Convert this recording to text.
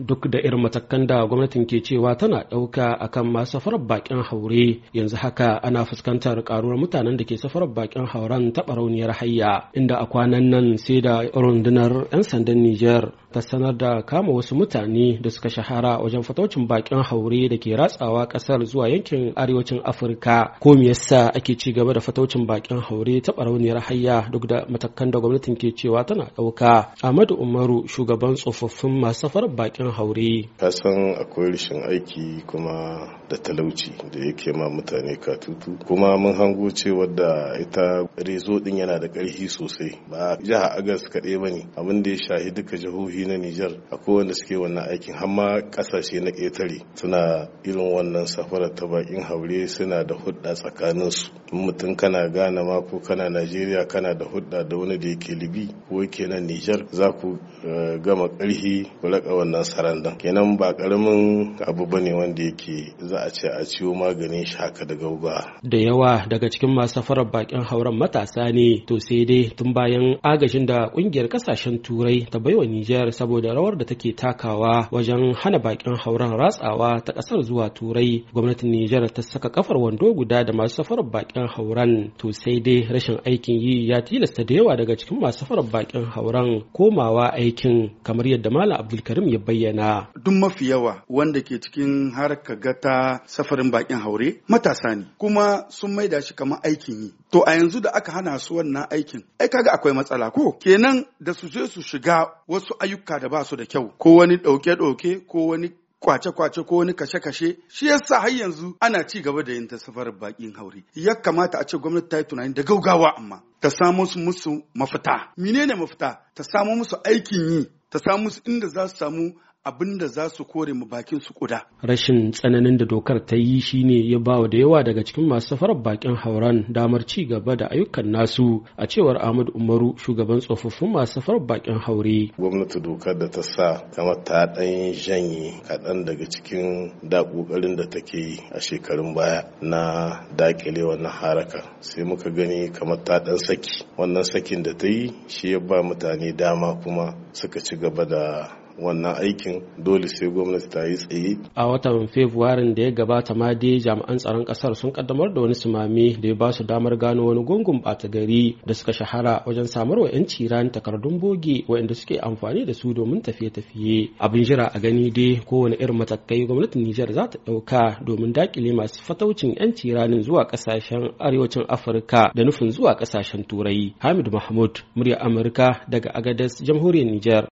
duk da irin matakan da gwamnatin ke cewa tana ɗauka akan masu safarar bakin haure yanzu haka ana fuskantar karuwar mutanen da ke safarar bakin hauren taɓa rauniyar hayya inda a kwanan nan sai da rundunar 'yan sandan Nijar ta sanar da kama wasu mutane da suka shahara wajen fataucin bakin haure da ke ratsawa kasar zuwa yankin arewacin afirka ko me yasa ake ci gaba da fataucin bakin haure ta barauniyar hayya duk da matakan da gwamnatin ke cewa tana ɗauka ahmadu umaru shugaban tsofaffin masu safarar bakin haure Ka san akwai rashin aiki kuma da talauci da yake ma mutane katutu kuma mun hango cewa da ita rezo din yana da ƙarfi sosai ba jiha agas kaɗai ba ne abin da ya shahi duka jihohi jihohi na Nijar a kowanne suke wannan aikin har kasashe na ƙetare suna irin wannan safara ta bakin haure suna da hudda tsakanin su mutum kana gana ma ko kana Najeriya kana da hudda da wani da yake Libi ko yake na Nijar za ku eh, gama ƙarhi ku raka wannan sarandan kenan ba karamin abu bane wanda yake za a ce a ciwo maganin shi haka da gauga da yawa daga cikin masu safarar bakin hauren matasa ne to sai dai tun bayan agajin da kungiyar kasashen turai ta baiwa Nijar saboda rawar da take takawa wajen hana bakin hauran ratsawa ta kasar zuwa turai gwamnatin Nijar ta saka kafar wando guda da masu safarar bakin hauran, to sai dai rashin aikin yi ya tilasta da yawa daga cikin masu safarar bakin hauran komawa aikin kamar yadda Malam Abdulkarim ya bayyana duk mafi yawa wanda ke cikin harkar gata safarin bakin haure matasa ne kuma sun maida shi kamar aikin yi to a yanzu da aka hana su wannan aikin ai kaga akwai matsala ko kenan da su je su shiga wasu ayyuka da ba su da kyau ko wani ɗauke-ɗauke ko wani kwace-kwace ko wani kashe-kashe shi yasa har yanzu ana ci gaba da yin ta safarar bakin haure ya kamata a ce gwamnati ta yi tunani da gaugawa amma ta samo musu mafita menene mafita ta samo musu aikin yi ta samu inda za su samu abinda za su kore mu bakin su kuda. Rashin tsananin da dokar ta yi shine ya ba da yawa daga cikin masu safarar bakin hauran damar ci gaba da ayyukan nasu a cewar Ahmad Umaru shugaban tsofaffin masu safarar bakin haure. Gwamnati dokar da ta sa kamar ta ɗan janye kaɗan daga cikin da ƙoƙarin da take yi a shekarun baya na daƙile wannan haraka sai muka gani kamar ta ɗan saki wannan sakin da ta yi shi ya ba mutane dama kuma suka ci gaba da wannan aikin dole sai gwamnati ta yi tsaye. A watan Fabrairun da ya gabata ma dai jami'an tsaron kasar sun kaddamar da wani sumami da ya ba su damar gano wani gungun bata gari da suka shahara wajen samar wa 'yan ciran takardun boge waɗanda suke amfani da su domin tafiye-tafiye. Abin jira a gani dai kowane irin matakai gwamnatin Nijar za ta ɗauka domin dakile masu fataucin 'yan ciranin zuwa ƙasashen arewacin Afirka da nufin zuwa ƙasashen Turai. Hamid Mahmud, murya Amurka daga Agadez, Jamhuriyar Nijar.